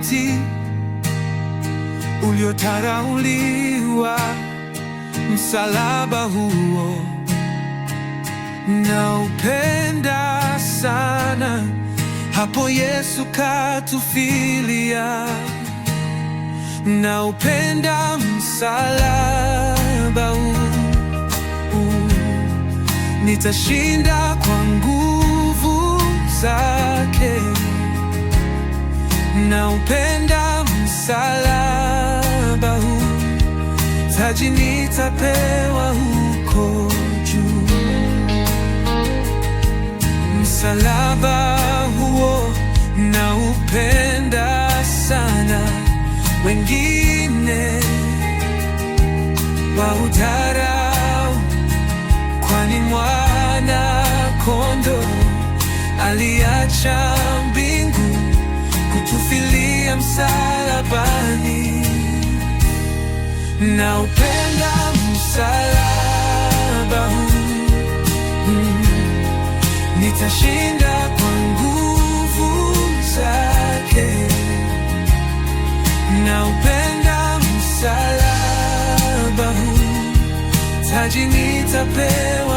mti uliotarauliwa, msalaba huo upenda sana. Hapo Yesu katufilia, upenda msalaba huu, nitashinda kwa nguvu zake naupenda msalaba huu, taji nitapewa huko juu. Msalaba huo naupenda sana, wengine wa udharau, kwani mwana kondo aliacha Biblia msalabani, na msalaba huu mm. Nitashinda kwa nguvu zake, na upenda msalaba huu, taji nitapewa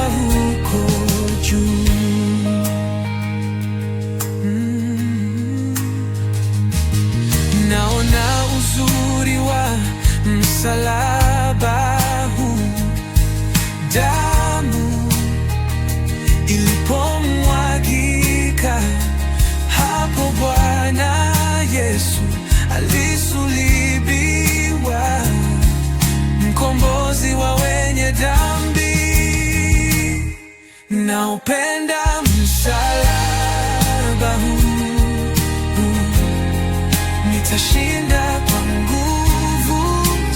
uzuri wa msalaba huu, damu ilipomwagika hapo, Bwana Yesu alisulibiwa, mkombozi wa wenye dhambi. Naupenda msalaba huu, nitashinda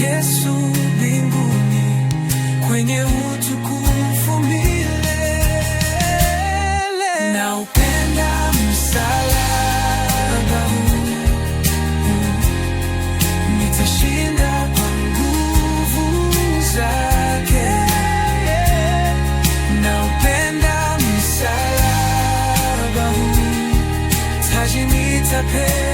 Yesu mbinguni kwenye utukufu milele. Naupenda msalaba huu, nitashinda kwa nguvu zake. Naupenda msalaba huu, taji nitapewa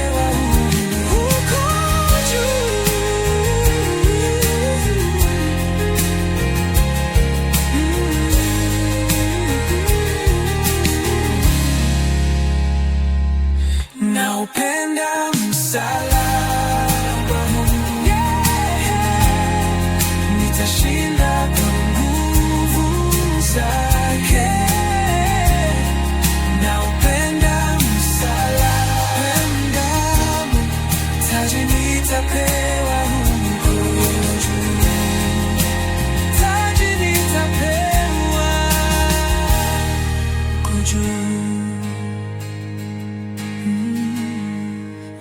disappear